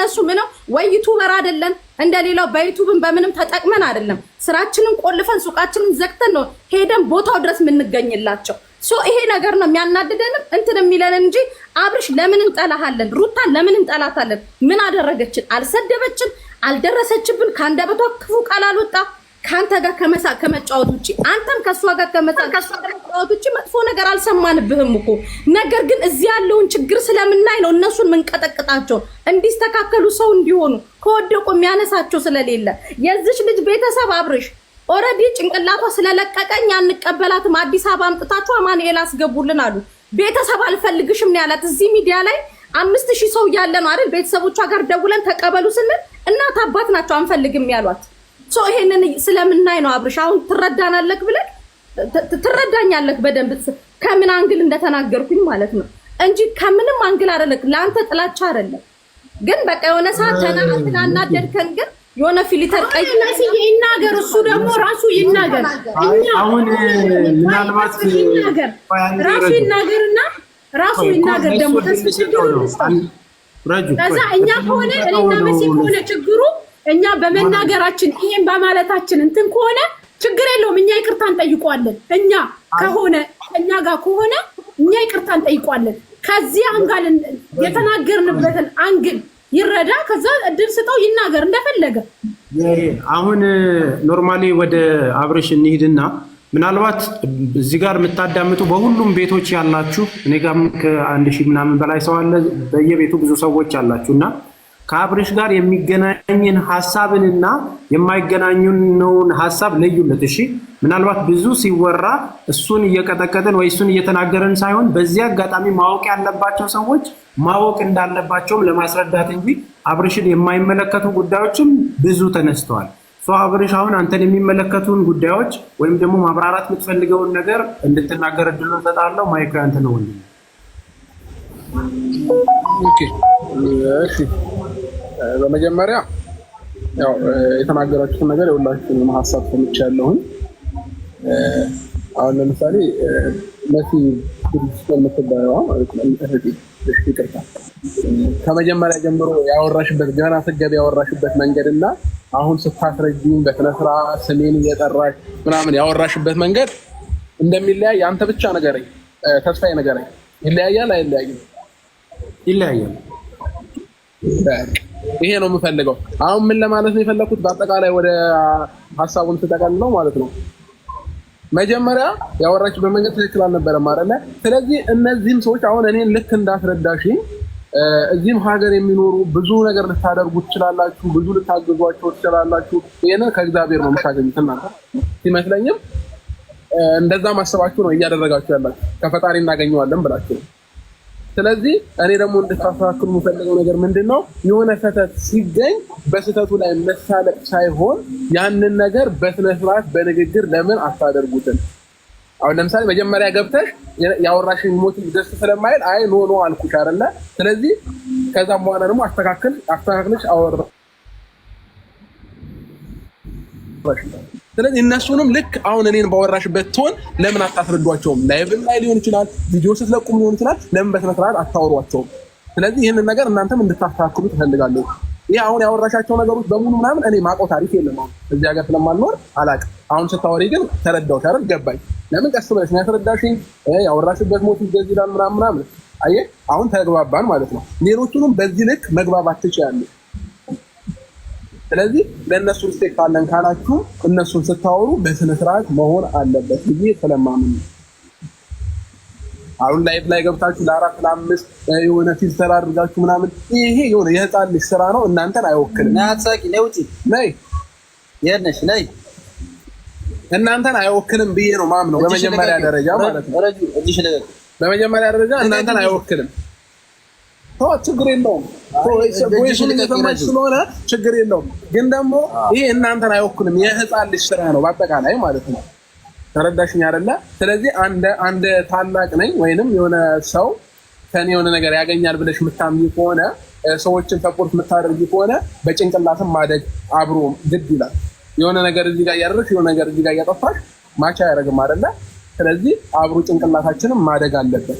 እነሱ ምነው ወይ ዩቱበር አይደለም እንደሌላው በዩቱብን በምንም ተጠቅመን አይደለም። ስራችንን ቆልፈን ሱቃችንን ዘግተን ነው ሄደን ቦታው ድረስ የምንገኝላቸው። ሶ ይሄ ነገር ነው የሚያናድደንም እንትን የሚለን እንጂ አብርሽ ለምን እንጠላሃለን? ሩታን ለምን እንጠላታለን? ምን አደረገችን? አልሰደበችን፣ አልደረሰችብን፣ ከአንደበቷ ክፉ ቃል አልወጣ ከአንተ ጋር ከመሳ ከመጫወት ውጭ አንተም ከእሷ ጋር ከመሳ ከመጫወት ውጭ መጥፎ ነገር አልሰማንብህም እኮ። ነገር ግን እዚህ ያለውን ችግር ስለምናይ ነው እነሱን ምንቀጠቅጣቸው እንዲስተካከሉ ሰው እንዲሆኑ ከወደቁ የሚያነሳቸው ስለሌለ የዚች ልጅ ቤተሰብ አብርሽ ኦልሬዲ ጭንቅላቷ ስለለቀቀኝ አንቀበላትም፣ አዲስ አበባ አምጥታችሁ አማኑኤል አስገቡልን አሉ። ቤተሰብ አልፈልግሽም ነው ያላት። እዚህ ሚዲያ ላይ አምስት ሺህ ሰው እያለ ነው አይደል ቤተሰቦቿ ጋር ደውለን ተቀበሉ ስንል እናት አባት ናቸው አንፈልግም ያሏት። ይሄንን ስለምናይ ነው አብርሽ፣ አሁን ትረዳናለክ ብለን ትረዳኛለክ በደንብ ከምን አንግል እንደተናገርኩኝ ማለት ነው እንጂ ከምንም አንግል አደለክ ለአንተ ጥላቻ አደለም ግን በቃ የሆነ ሰዓት ተናትና እናደድከን ግን የሆነ ፊልተር ቀይ ይናገር፣ እሱ ደግሞ ራሱ ይናገር፣ ራሱ ይናገር እና ራሱ ይናገር ደግሞ ተስፍሽ ከዛ እኛ ከሆነ እኔና መሲ ከሆነ ችግሩ እኛ በመናገራችን ይሄን በማለታችን እንትን ከሆነ ችግር የለውም። እኛ ይቅርታ እንጠይቋለን። እኛ ከሆነ እኛ ጋር ከሆነ እኛ ይቅርታ እንጠይቋለን። ከዚህ አንጋል የተናገርንበትን አንግል ይረዳ። ከዛ እድል ስጠው ይናገር እንደፈለገ። አሁን ኖርማሊ ወደ አብርሽ እንሂድና ምናልባት እዚህ ጋር የምታዳምጡ በሁሉም ቤቶች ያላችሁ እኔ ጋርም ከአንድ ሺህ ምናምን በላይ ሰው አለ። በየቤቱ ብዙ ሰዎች አላችሁ እና ከአብርሽ ጋር የሚገናኝን ሀሳብንና የማይገናኙነውን ሀሳብ ለዩለት። እሺ ምናልባት ብዙ ሲወራ እሱን እየቀጠቀጥን ወይ እሱን እየተናገረን ሳይሆን በዚህ አጋጣሚ ማወቅ ያለባቸው ሰዎች ማወቅ እንዳለባቸውም ለማስረዳት እንጂ አብርሽን የማይመለከቱ ጉዳዮችም ብዙ ተነስተዋል። አብርሽ አሁን አንተን የሚመለከቱን ጉዳዮች ወይም ደግሞ ማብራራት የምትፈልገውን ነገር እንድትናገር እድሉ ሰጣለው። ማይክ ያንተ ነው ወንድም። በመጀመሪያ ያው የተናገራችሁትን ነገር የሁላችሁንም ሀሳብ ሰምቼ ያለሁኝ። አሁን ለምሳሌ መሲ ድርጅት የምትባለዋ ከመጀመሪያ ጀምሮ ያወራሽበት ገና ስገብ ያወራሽበት መንገድ እና አሁን ስታስረጅም በስነስርዓት ስሜን እየጠራሽ ምናምን ያወራሽበት መንገድ እንደሚለያይ አንተ ብቻ ነገረኝ፣ ተስፋዬ ነገረኝ። ይለያያል አይለያይም? ይለያያል። ይሄ ነው የምፈልገው። አሁን ምን ለማለት ነው የፈለኩት፣ በአጠቃላይ ወደ ሀሳቡን ተጠቀልለው ማለት ነው። መጀመሪያ ያወራችሁ በመንገድ ትክክል አልነበረም አለ። ስለዚህ እነዚህም ሰዎች አሁን እኔን ልክ እንዳስረዳሽ እዚህም ሀገር የሚኖሩ ብዙ ነገር ልታደርጉ ትችላላችሁ፣ ብዙ ልታግዟቸው ትችላላችሁ። ይህንን ከእግዚአብሔር ነው የምታገኙት እናንተ ሲመስለኝም እንደዛ ማሰባችሁ ነው እያደረጋችሁ ያላችሁ ከፈጣሪ እናገኘዋለን ብላችሁ ነው ስለዚህ እኔ ደግሞ እንድታስተካክሉ የምፈልገው ነገር ምንድን ነው፣ የሆነ ስህተት ሲገኝ በስህተቱ ላይ መሳለቅ ሳይሆን ያንን ነገር በስነስርዓት በንግግር ለምን አታደርጉትን? አሁን ለምሳሌ መጀመሪያ ገብተሽ የአወራሽኝ ሞት ደስ ስለማይል አይ ኖ ኖ አልኩሽ አይደለ? ስለዚህ ከዛም በኋላ ደግሞ አስተካክል አስተካክልሽ አወራ ስለዚህ እነሱንም ልክ አሁን እኔን ባወራሽበት ትሆን ለምን አታስረዷቸውም? ላይቭም ላይ ሊሆን ይችላል፣ ቪዲዮ ስትለቁም ሊሆን ይችላል። ለምን በስነ አታወሯቸውም? ስለዚህ ይህንን ነገር እናንተም እንድታስተካክሉ ትፈልጋለሁ። ይህ አሁን ያወራሻቸው ነገሮች በሙሉ ምናምን እኔ ማቆ ታሪክ የለም። አሁን እዚህ ሀገር ስለማልኖር አላውቅም። አሁን ስታወሪ ግን ተረዳው አይደል? ገባኝ። ለምን ቀስ ብለሽ ነው ያስረዳሽኝ። ያወራሽበት ሞት ይገዝ ምናምን ምናምን። አየህ አሁን ተግባባን ማለት ነው። ሌሎቹንም በዚህ ልክ መግባባት ትችያለሽ። ስለዚህ ለእነሱ ሪስፔክት አለን ካላችሁ እነሱን ስታወሩ በስነስርዓት መሆን አለበት ብዬ ስለማምን ነው። አሁን ላይፍ ላይ ገብታችሁ ለአራት ለአምስት የሆነ ፊልተር አድርጋችሁ ምናምን ይሄ የሆነ የህፃን ልጅ ስራ ነው። እናንተን አይወክልም። ነይ የነሽ ነይ እናንተን አይወክልም ብዬ ነው ማምነው። በመጀመሪያ ደረጃ ማለት ነው። በመጀመሪያ ደረጃ እናንተን አይወክልም። ችግር የለውም ስለሆነ ችግር የለውም። ግን ደግሞ ይህ እናንተን አይወክልም። የህፃን ልጅ ስራ ነው በአጠቃላይ ማለት ነው። ተረዳሽኝ አይደለ? ስለዚህ አንድ ታላቅ ነኝ ወይንም የሆነ ሰው ከኔ የሆነ ነገር ያገኛል ብለሽ የምታምኝ ከሆነ ሰዎችን ሰፖርት የምታደርጊ ከሆነ በጭንቅላትም ማደግ አብሮ ግድ ይላል። የሆነ ነገር እዚህ ጋር እያደረግሽ የሆነ ነገር እዚህ ጋር እያጠፋሽ ማቻ አያደርግም አይደለ? ስለዚህ አብሮ ጭንቅላታችንም ማደግ አለበት።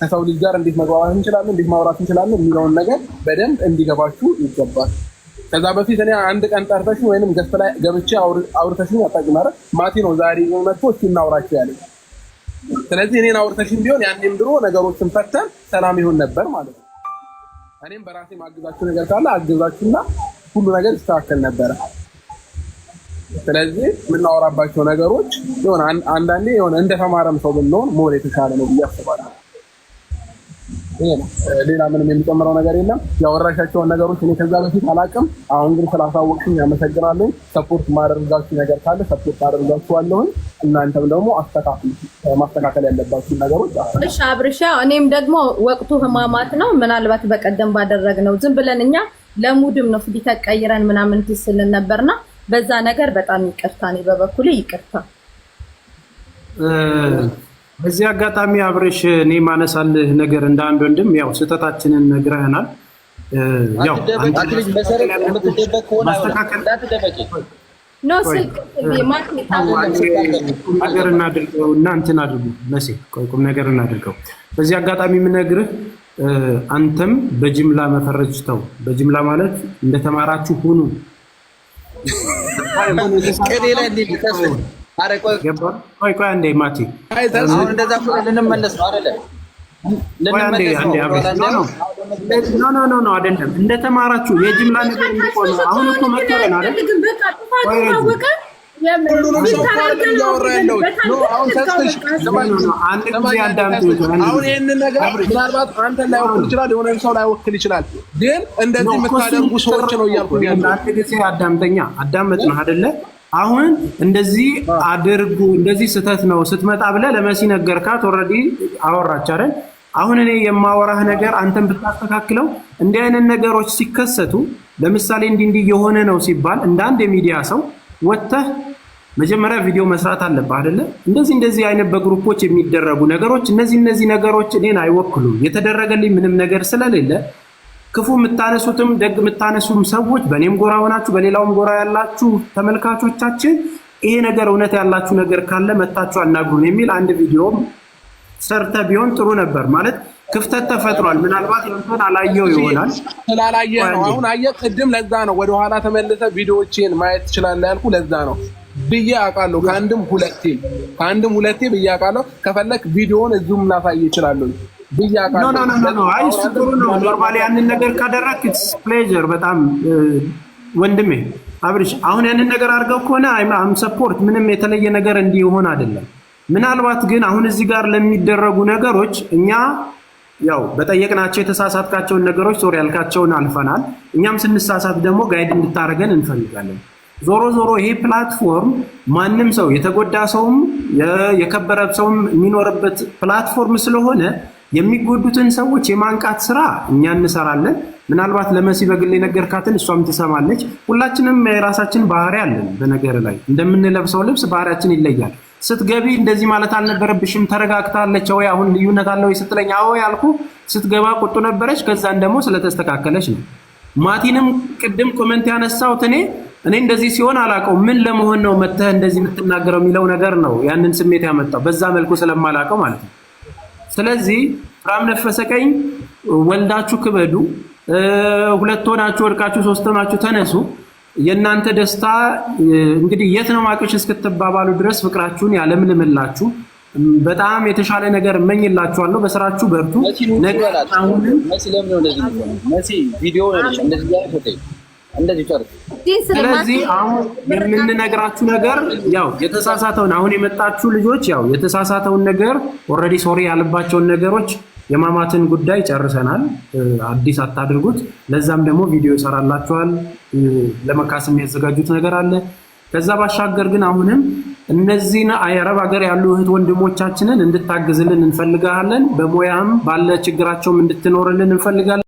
ከሰው ልጅ ጋር እንዴት መግባባት እንችላለን፣ እንዴት ማውራት እንችላለን የሚለውን ነገር በደንብ እንዲገባችሁ ይገባል። ከዛ በፊት እኔ አንድ ቀን ጠርተሽ ወይም ገፍ ላይ ገብቼ አውርተሽኝ አታውቂ ማረ ማቲ ነው ዛሬ መጥቶ እስኪ እናውራቸው ያለ። ስለዚህ እኔን አውርተሽን ቢሆን ያኔም ድሮ ነገሮችን ፈተን ሰላም ይሆን ነበር ማለት ነው። እኔም በራሴ ማግዛችሁ ነገር ካለ አግዛችሁና ሁሉ ነገር ይስተካከል ነበረ። ስለዚህ የምናወራባቸው ነገሮች ሆነ አንዳንዴ የሆነ እንደተማረም ሰው ብንሆን ሞር የተሻለ ነው ብዬ አስባለሁ። ሌላ ምንም የሚጨምረው ነገር የለም። ያወራሻቸውን ነገሮች እኔ ከዛ በፊት አላውቅም። አሁን ግን ስላሳወቅሽኝ ያመሰግናለኝ። ሰፖርት ማደርጋችሁ ነገር ካለ ሰፖርት አደርጋችኋለሁኝ። እናንተም ደግሞ ማስተካከል ያለባችሁ ነገሮች። እሺ አብርሻ፣ እኔም ደግሞ ወቅቱ ህማማት ነው። ምናልባት በቀደም ባደረግ ነው ዝም ብለን እኛ ለሙድም ነው ፊት ቀይረን ምናምን ስልን ነበርና በዛ ነገር በጣም ይቅርታ፣ እኔ በበኩሌ ይቅርታ በዚህ አጋጣሚ አብረሽ እኔ ማነሳልህ ነገር እንደ አንድ ወንድም ያው ስህተታችንን ነግረህናል። ነገር እናድርገው እና እንትን አድርጉ መሴ ቆይቁም ነገር እናድርገው። በዚህ አጋጣሚ የምነግርህ አንተም በጅምላ መፈረጅ ተው። በጅምላ ማለት እንደተማራችሁ ሁኑ። ቆይ ቆይ አንዴ ማቲ፣ አይደለም እንደተማራችሁ የጅምላ ነገር እንዲቆም አሁን እኮ መከረን አይደል? አሁን ሰዎች ነው እያልኩ አንድ ጊዜ አዳምጠኛ አዳመጥነህ አሁን እንደዚህ አድርጉ እንደዚህ ስህተት ነው ስትመጣ ብለህ ለመሲ ነገርካት። ኦልሬዲ አወራች አይደል? አሁን እኔ የማወራህ ነገር አንተን ብታስተካክለው እንዲህ አይነት ነገሮች ሲከሰቱ ለምሳሌ እንዲህ እንዲህ የሆነ ነው ሲባል እንደ አንድ የሚዲያ ሰው ወጥተህ መጀመሪያ ቪዲዮ መስራት አለብህ አይደለ? እንደዚህ እንደዚህ አይነት በግሩፖች የሚደረጉ ነገሮች እነዚህ እነዚህ ነገሮች እኔን አይወክሉም የተደረገልኝ ምንም ነገር ስለሌለ ክፉ የምታነሱትም ደግ የምታነሱም ሰዎች በእኔም ጎራ ሆናችሁ በሌላውም ጎራ ያላችሁ ተመልካቾቻችን ይሄ ነገር እውነት ያላችሁ ነገር ካለ መታችሁ አናግሩን የሚል አንድ ቪዲዮም ሰርተ ቢሆን ጥሩ ነበር። ማለት ክፍተት ተፈጥሯል። ምናልባት እንትን አላየው ይሆናል ስላላየ ነው። አሁን አየ ቅድም፣ ለዛ ነው ወደኋላ ተመልሰ ቪዲዮዎችን ማየት ትችላለህ ያልኩ ለዛ ነው ብዬ አውቃለሁ። ከአንድም ሁለቴ ከአንድም ሁለቴ ብዬ አውቃለሁ። ከፈለክ ቪዲዮውን እዚሁም ላሳይ ይችላለሁ። እሱ ጥሩ ነው። ኖርማሊ ያንን ነገር ካደረክ ኢትስ ፕሌዥር በጣም ወንድሜ አብርሽ፣ አሁን ያንን ነገር አድርገው ከሆነ አም ሰፖርት ምንም የተለየ ነገር እንዲሆን አይደለም። ምናልባት ግን አሁን እዚህ ጋር ለሚደረጉ ነገሮች እኛ ያው በጠየቅናቸው የተሳሳትካቸውን ነገሮች ዞር ያልካቸውን አልፈናል። እኛም ስንሳሳት ደግሞ ጋይድ እንድታደርገን እንፈልጋለን። ዞሮ ዞሮ ይሄ ፕላትፎርም ማንም ሰው የተጎዳ ሰውም የከበረ ሰውም የሚኖርበት ፕላትፎርም ስለሆነ የሚጎዱትን ሰዎች የማንቃት ስራ እኛ እንሰራለን። ምናልባት ለመሲ በግል የነገርካትን እሷም ትሰማለች። ሁላችንም የራሳችን ባህሪ አለን። በነገር ላይ እንደምንለብሰው ልብስ ባህሪያችን ይለያል። ስትገቢ እንደዚህ ማለት አልነበረብሽም፣ ተረጋግታለች ወይ አሁን ልዩነት አለ ወይ ስትለኝ አዎ ያልኩ፣ ስትገባ ቁጡ ነበረች። ከዛን ደግሞ ስለተስተካከለች ነው። ማቲንም ቅድም ኮመንት ያነሳሁት እኔ እኔ እንደዚህ ሲሆን አላውቀው ምን ለመሆን ነው መተህ እንደዚህ የምትናገረው የሚለው ነገር ነው ያንን ስሜት ያመጣው በዛ መልኩ ስለማላውቀው ማለት ነው። ስለዚህ ፍራም ነፈሰ ቀኝ ወልዳችሁ ክበዱ። ሁለት ሆናችሁ ወድቃችሁ፣ ሶስት ሆናችሁ ተነሱ። የእናንተ ደስታ እንግዲህ የት ነው ማቅሽ እስክትባባሉ ድረስ ፍቅራችሁን ያለምልምላችሁ። በጣም የተሻለ ነገር እመኝላችኋለሁ። በስራችሁ በርቱ። ነገ አሁንም ስለዚህ አሁን የምንነግራችሁ ነገር ያው የተሳሳተውን አሁን የመጣችሁ ልጆች ያው የተሳሳተውን ነገር ኦልሬዲ ሶሪ ያለባቸውን ነገሮች የማማትን ጉዳይ ጨርሰናል። አዲስ አታድርጉት። ለዛም ደግሞ ቪዲዮ ይሰራላችኋል። ለመካስ የሚያዘጋጁት ነገር አለ። ከዛ ባሻገር ግን አሁንም እነዚህን የአረብ ሀገር ያሉ እህት ወንድሞቻችንን እንድታግዝልን እንፈልጋለን። በሙያም ባለ ችግራቸውም እንድትኖርልን እንፈልጋለን።